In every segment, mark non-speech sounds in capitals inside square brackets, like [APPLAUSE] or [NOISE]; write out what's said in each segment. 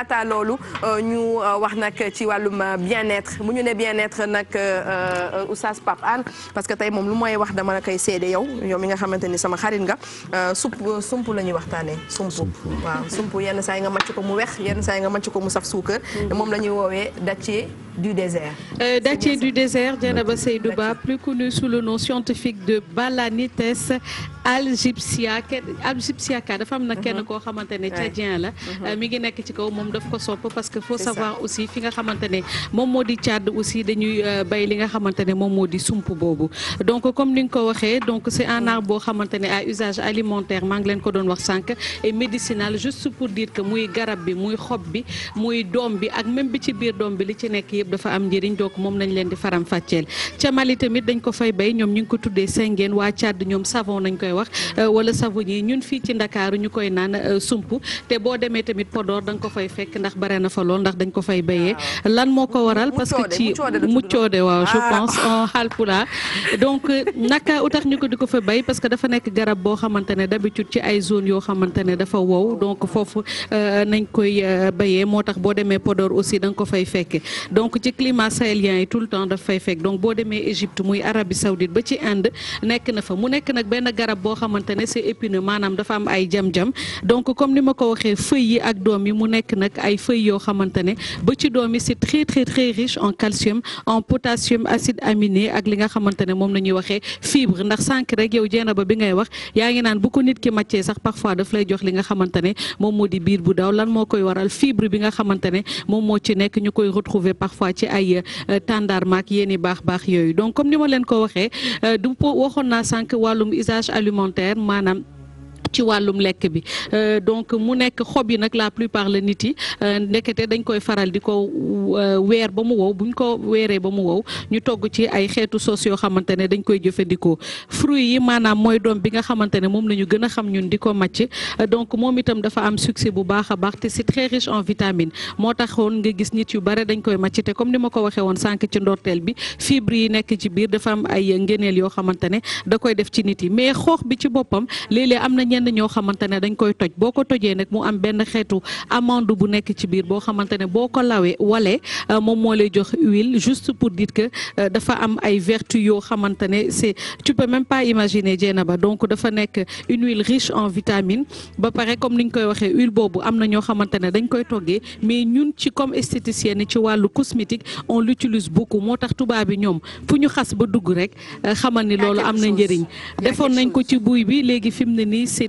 ata loolu euh, ñu euh, wax nag ci wàllum euh, bien-être mu ñu ne bien-être nag oustaz Pape Anne parce que tey moom lu mooy wax dama la koy seede yow yow mi nga xamante ni sama xarit nga sup sump la ñuy waxtaanee sump waaw sump yenn saa yi nga màcc ko mu weex yenn saa yi nga màcc ko mu saf suukar mm-hmm. moom la ñuy woowee dattier du désert euh, dattier du désert Dieynaba Seydou Ba plus connu sous le nom scientifique de balanites Aljibsia kenn Aljibsia ka dafa am na kenn mhm. koo xamante ne tchadien la mhm. euh, mi ngi nekk ci kaw moom daf ko sopp parce que foo savoir aussi fi nga xamante ne moom moo di Tchad aussi dañuy euh, bay li nga xamante ne moom moo di sump boobu donc comme ni nga ko waxee donc c'est un mhm. arbre boo xamante ne à usage alimentaire maa ngi leen ko doon wax sànq et médicinal juste pour diir que muy garab bi muy xob bi muy doom bi ak même bi ci biir doom bi li ci nekk yëpp dafa am njëriñ donc moom nañ leen di faram fàcceel ca Mali tamit dañ ko fay bay ñoom ñu ngi ko tuddee sengeen waa Tchad ñoom savon nañ koy koy wax euh, wala savon ñun fii ci ndakaaru ñu koy naan euh, sump te boo demee tamit Podor da nga ko fay fekk ndax bare na fa lool ndax dañ ko fay béyee lan moo ko waral parce que ci muccoode waaw je ah. pense en halpulaar donc euh, naka utax ñu ko di ko fa bay parce que dafa nekk garab boo xamante ne d'habitude ci ay zone yo xamante ne dafa wow donc foofu nañ koy béyee moo tax boo demee Podor aussi da nga ko fay fekk donc ci climat sahélien yi tout le temps daf fay fekk donc boo demee Égypte boo xamante ne c'est épineux maanaam dafa am ay jam-jam donc comme ni ma ko waxee feuilles yi ak doom yi mu nekk nag ay feuilles yoo xamante ne ba ci doom yi c'est très très très riche en calcium en potassium acide aminé ak li nga xamante ne moom la ñuy waxee fibre ndax sànq rek yow jeena ba bi ngay wax yaa ngi naan bu ko nit ki màccee sax parfois daf lay jox li nga xamante ne moom moo di biir bu daw lan moo koy waral fibre bi nga xamante ne moom moo ci nekk ñu koy retrouver parfois ci ay euh, tàndarma ak yéen baax baax yooyu complémentaire maanaam ci wàllum lekk bi euh, donc mu nekk xob yi nag la plupart la nit yi euh, ndekete dañ koy faral di ko euh, weer ba mu wow buñ ko weeree ba mu wow ñu togg ci ay xeetu sos yoo xamante ne dañ koy jëfandikoo fruit yi maanaam mooy doom bi nga xamante ne moom la ñu gën a xam ñun di ko màcc donc moom itam dafa am succès bu baax a baax te c'est très riche en vitamines moo taxoon nga gis nit yu bare dañ koy màcc te comme ni ma ko waxee woon sànq ci ndorteel bi fibre yi nekk ci biir dafa am ay ngëneel yoo xamante ne da koy def ci nit yi mais ñenn ñoo xamante ne dañ koy toj boo ko tojee nag mu am benn xeetu amande bu nekk ci biir boo xamante ne boo ko lawee wale euh, moom moo lay jox huile juste pour dire que euh, dafa am ay vertu yoo xamante ne c'est tu peux même pas imaginer Dieynaba donc dafa nekk une huile riche en vitamines ba pare comme niñ koy waxee huile boobu am na ñoo xamante ne dañ koy toggee mais ñun ci comme esthéticienne ci wàllu cosmétique on l'utilise beaucoup moo tax tubaab bi ñoom fu ñu xas ba dugg rek euh, xamal ni loolu am na njëriñ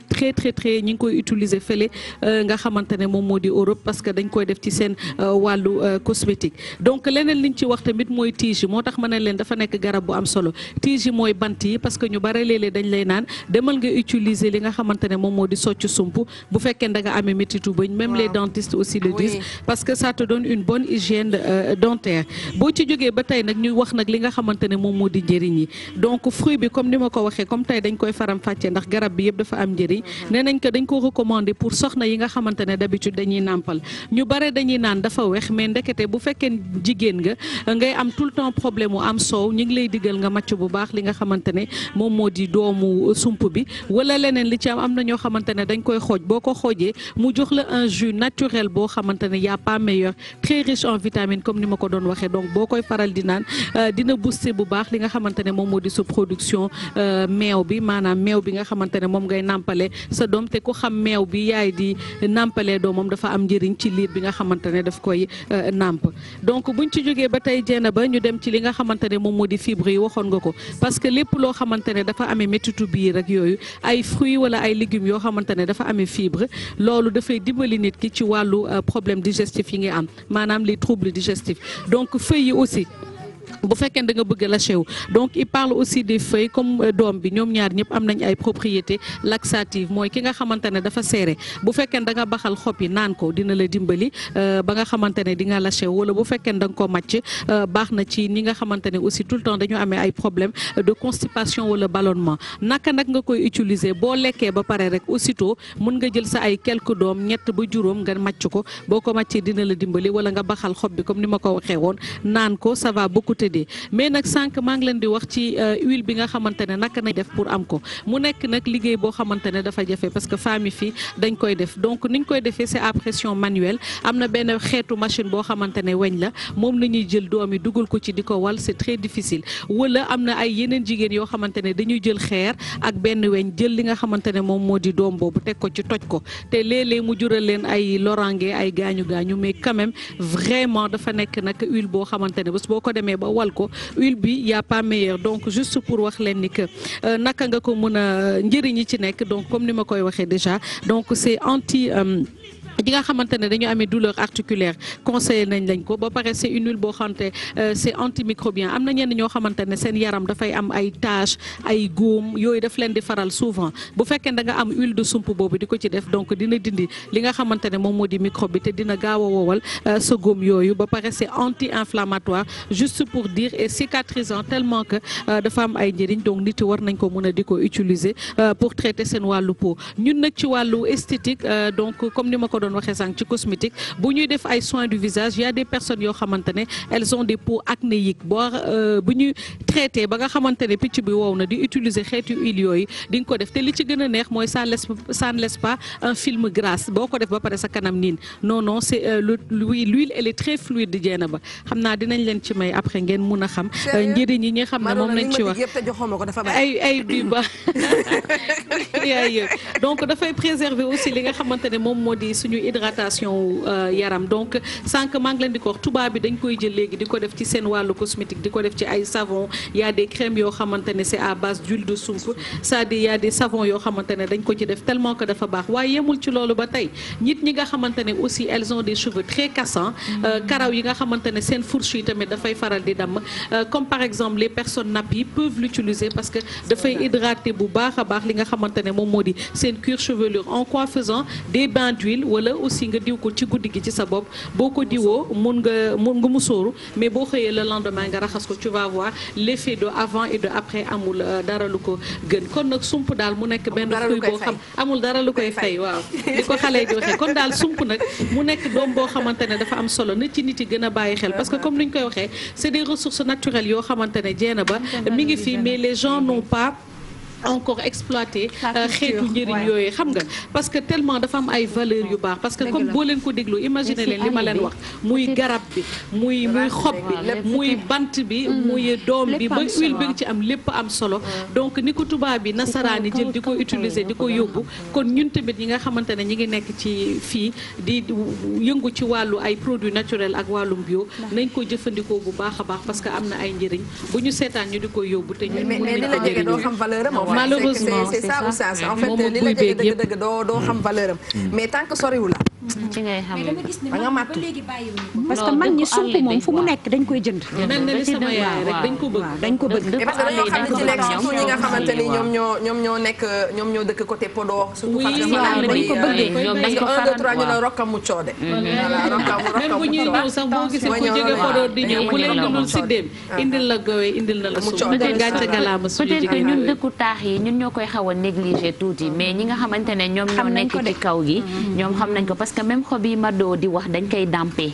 est très très très ñi ngi koy utiliser fële euh, nga xamante ne moom moo di Europe parce que dañ koy def ci seen euh, wàllu euh, cosmétique donc leneen liñ ci wax tamit mooy tige moo tax ma ne leen dafa nekk garab bu am solo tige yi mooy bant yi parce que ñu bare léeg-léeg dañ lay naan demal nga utiliser li nga xamante ne moom moo di socc sump bu fekkee da nga amee métitu bëñ même les aussi le disent parce que ça te une bonne hygiène dentaire boo ci jógee ba tey nag ñu wax nag li nga xamante ne moom di njëriñ yi donc fruit ni ma ko waxee comme tey dañ koy faram fàccee ndax bi yëpp dafa am njëriñ yi mhm. nee nañ que dañ ko recommander pour soxna yi nga xamante ne d'habitude dañuy nàmpal ñu bare dañuy naan dafa wex mais ndekete bu fekkee jigéen nga ngay am tout le temps problème mu am soow ñu ngi lay digal nga màcc bu baax li nga xamante ne moom moo di doomu sump bi wala leneen li ci am na ñoo xamante ne dañ koy xooj boo ko xoojee mu jox la un jus naturel boo xamante ne y a pas meilleur très riche en vitamines comme ni ma ko doon waxee donc boo koy faral di naan euh, dina booster bu baax li nga xamante ne moom moo di sa production euh, meew bi maanaam meew bi nga xamante moom ngay nàmpale nàmpale sa doom te ku xam meew bi yaay di nàmpalee doomam dafa am njëriñ ci liir bi nga xamante ne daf koy euh, nàmp donc buñ ci jógee ba tey jeena ba ñu dem ci li nga xamante ne moom moo di fibre yi waxoon nga ko parce que lépp loo xamante ne dafa amee métitu biir ak yooyu ay fruits wala ay légumes yoo xamante ne dafa amee fibre loolu dafay dimbali nit ki ci wàllu euh, problème digestif yi nga am maanaam les troubles digestifs donc feuilles aussi bu fekkee da nga bëgg a lâché wu donc il parle aussi des feuilles comme euh, doom bi ñoom ñaar ñëpp am nañ ay propriétés laxatives mooy ki nga xamante dafa seere bu fekkee da baxal xob yi naan ko dina la dimbali euh, ba nga xamante ne di nga lâché wala bu fekkee da nga ko màcc euh, baax na ci ñi nga xamante ne aussi tout le temps dañu amee ay problème de constipation wala ballonnement naka nag nga koy utiliser boo lekkee ba pare rek to mun nga jël sa ay quelques doom ñett ba juróom nga màcc ko boo ko màccee dina la dimbali wala nga baxal xob bi comme ni ma ko waxee woon naan ko ça tëddee mais nag sànq maa ngi leen di wax ci euh, huile bi nga xamante ne naka nañ def pour am ko mu nekk nag liggéey boo xamante ne dafa jafe parce que femme fii dañ koy def donc niñ koy defee c'est à pression manuelle am na benn xeetu machine boo xamante ne weñ la moom la ñuy jël doom yi dugal ko ci di ko wal c'est très difficile wala am na ay yeneen jigéen yoo xamante ne dañuy jël xeer ak benn weñ jël li nga xamante ne moom moo di doom boobu teg ko ci toj ko te léeg mu jural leen ay lorange ay gaañu gaañu mais quand dafa nekk nag huile boo xamante ne bés boo ko wal ko huile bi y a pas meilleur donc juste pour wax leen ni que euh, naka nga ko mën a euh, njëriñ yi ci nekk donc comme ni ma koy waxee déjà donc c'est anti euh, ñi nga ne dañu amee douleur articulaire conseillé nañ lañ ko ba pare c'est une huile boo xamante euh, c'est antimicrobien am na ñenn ñoo xamante ne seen yaram dafay am ay taches ay góom yooyu daf leen di faral souvent bu fekkee da nga am huile de sump boobu di ko ci def donc dina dindi li nga xamante ne moom moo di microbe bi te dina gaaw a wowal euh, sa góom yooyu ba pare c'est anti-inflammatoire juste pour dire et cicatrisant tellement que euh, dafa am ay njëriñ donc nit yi war nañ ko mën a di ko utiliser pour traiter seen wàllu peau ñun nag ci wàllu esthétique doon waxee ci cosmétique bu ñuy def ay soins du visage y a des yoo xamante ne elles ont des peaux acnéiques boo euh, bu ñu traité ba nga xamante picc bi wow na di utiliser xeetu huile yooyu di ko def te li ci gën a neex mooy ça laisse pas un film grasse boo ko def ba pare sa kanam niin non non c'est euh, le l'huile elle est très fluide jeena ba xam naa ci may après ngeen mun a xam euh, njëriñ yi ñi xam ne moom lañ ci wax ay ay bi ba [LAUGHS] donc dafay préserver aussi li nga xamante moom moo di suñu hydratation euh, yaram donc sànq maa ngi leen di ko wax tubaab bi dañ koy jël léegi di ko def ci seen wàllu cosmétique di ko def ci ay savon y a des yoo xamante ne c'est à base d'huile de soufre c'est-à-dire y a yoo xamante ne dañ ko ci def tellement que dafa baax waaye yemul ci loolu ba tey nit ñi nga xamante ne aussi elles ont des cheveux très cassants euh, mm. karaw yi nga xamante ne seen fourche yi tamit dafay faral di damm euh, comme par exemple les personnes nappy peuvent l'utiliser parce que dafay hydrater bu baax a baax li nga xamante ne moom moo di seen cuir chevelure en quoi faisant des wala aussi nga diw ko ci guddi gi ci sa bopp boo ko diwoo mun nga mun nga musóoru mais boo xëyee le lendemain nga raxas ko ci vas voir l'effet de avant et de après amul euh, dara lu ko gën kon nag sump daal mu nekk benn fruit boo xam amul dara lu koy fay waaw li ko xale di waxee kon daal sump nag mu nekk doom boo xamante ne dafa am solo na ci nit yi gën a bàyyi xel parce que comme ni ñu koy waxee c'est des ressources naturelles yoo xamante ne jeena ba mi ngi fii mais encore exploiter euh, xeetu njëriñ yooyu xam nga parce que tellement dafa am ay valeur yu baax parce que comme boo leen ko déglu imaginer leen li ma leen wax muy garab bi muy muy xob bi muy bant bi mm. muy doom bi ba huile bi ci am lépp am solo donc ni ko tubaab bi nasaraan yi jël di ko utiliser di ko yóbbu kon ñun tamit ñi nga xamante ne ñi ngi nekk ci fii di yëngu ci wàllu ay produits naturels ak wàllum bio nañ ko jëfandikoo bu baax a baax parce que am na ay njëriñ bu ñu seetaan ñu di ko yóbbu te ñun mun nañ ko malheureusement c'est ça oustaz en fait li la jege dëgg dëgg doo doo xam valeur am mm. mais tant que soriwul ci ngay xam ba nga màttu parce que mag ñi dañ ko bëgg. dañ ko bëgg parce ñoo ñoom ñoo nekk ñoo dëkk ko bëggee euh, ñoom dañ ko faral waaw ñu ne rokkamu coode. Mm-hmm. voilà rokkamu rokkamu bu ñuy ñëw sax boo gisee ku jóge Podor di ñëw bu leen gënul si ah. indil la gowee indil na la suuf gàcce galaama suñu jigéen peut-être que ñun dëkku taax yi ñun ñoo koy xaw a négliger tuuti mais ñi nga xamante ne ñoom ñoo nekk ci kaw gi ñoom xam nañ ko parce que même xob yi madoo di wax dañ koy dampe.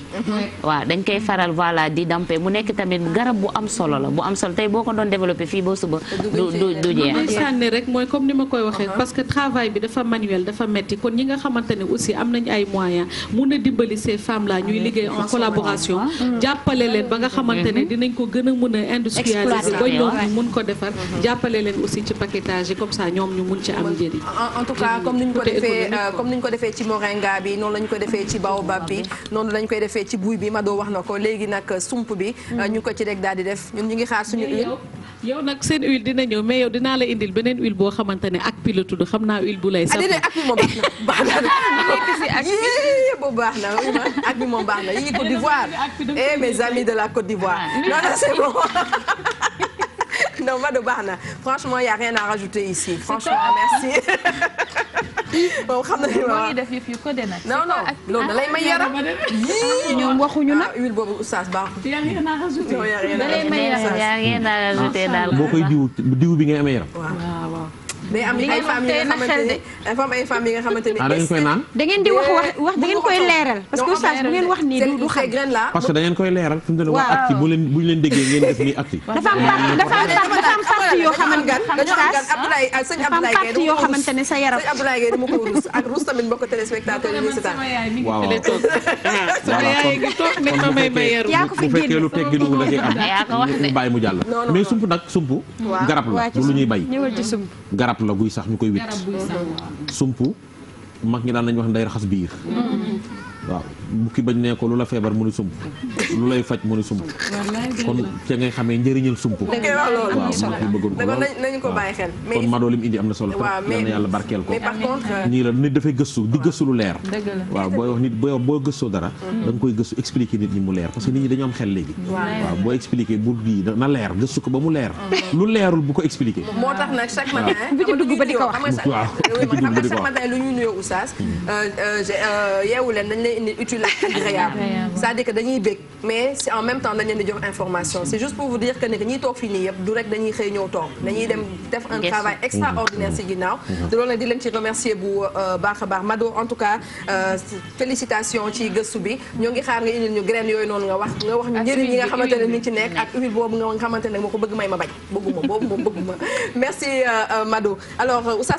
waaw dañ koy faral voilà di dampe mu nekk tamit garab bu am solo la bu am solo tey boo ko doon développé fii ba suba. du du du jeex sànni rek mooy comme ni ma koy waxee. parce que travail bi dafa manuel dafa metti kon ñi nga xamante aussi am nañ ay moyens mun a dimbali ces femmes là ñuy liggéey en collaboration. jàppale leen ba nga xamante dinañ ko gën a mun a industrialiser ba ñoom ñu mun ko defar jàppale leen aussi ci paquetage yi comme ça ñoom ñu mun ci euh, ko defee comme ñu ko noonu lañ koy defee ci baobab bi noonu lañ koy defee ci buy bi Mado wax na ko léegi nag sump bi mm. ñu ko ci rek daal di def ñun ñu ngi xaar suñu huile yow nag seen huile dina ñëw mais yow dinaa la indil beneen huile boo xamante ne ak pile tudd xam naa huile bu lay saf ak bi moom baax na boobu [LAUGHS] baax na ak [LAUGHS] bi moom baax na yii Côte d'Ivoire [LAUGHS] eh mes amis de la Côte d'Ivoire non non c'est bon non Mado baax na franchement y a rien rajouter ici franchement merci moom xam na ni waaw moo ngi def yëf yu codé nag. non non loolu da lay may yaram. yii ñoom waxuñu nag ah, huile boobu oustaz baaxul. yaa ngi leen a rajouté. da lay may yaram yaa ngi leen a rajouté daal. boo koy diw diw bi ngay amee yaram. day am yi nga xamante ni dafa am ay femmes yi nga xamante ni. ah da ngeen naan da ngeen di wax wax wax da koy leeral. parce que oustaz bu ngeen wax parce que da ngeen koy leeral fi mu toll wax acti bu leen bu ñu leen déggee ngeen def nii acti. dafa am part yoo xamante ne oustaz dafa am part sa yaram. sëñ Abdoulaye Gueye dama ko ruus ak ruus tamit mbokk téléspectateur yi ñu si taal. waaw waaw sama bu fekkee lu teggi lu da ngay sump ñuy bay garab garab la guy sax ñu koy wét sump mag ñi daan nañu wax nday raxas biir mm-hmm. waaw bukki bañ ne ko lu la feebar mu ni sump lu lay faj mu ni sump kon ca ngay xamee njëriñal sump waaw bukki bëggoon ko lool kon madoo indi am na solo trop na yàlla barkeel ko nii la nit dafay gëstu di gëstu lu leer waaw booy wax nit booy wax boo gëstoo dara mm-hmm. da koy gëstu expliquer nit ñi mu leer parce nit ñi dañoo am xel léegi waaw boo expliquer bu bii na leer gëstu ko ba mu leer mm-hmm. lu leerul bu ko expliquer waaw [LAUGHS] oui man xam nga lu ñuy nuyoo Oustaz. Mm. Euh, euh, euh, yeewu leen dañ lay indi utile ak [LAUGHS] dire que dañuy bég mais c'est en même temps dañ leen di jox information c'est juste pour vous dire que ni ñuy toog fii nii yëpp du rek dañuy xëy ñëw toog dañuy dem def un travail extraordinaire si ginnaaw. te loolu nag di leen ci remercier bu baax a baax Mado en tout cas félicitations ci gëstu bi ñoo ngi xaar nga indil ñu graine yooyu noonu nga wax nga wax ñu ah, njëriñ ñi nga xamante ne mi ci nekk ak huile boobu nga ko bëgg may ma bañ bëgguma boobu moom [LAUGHS]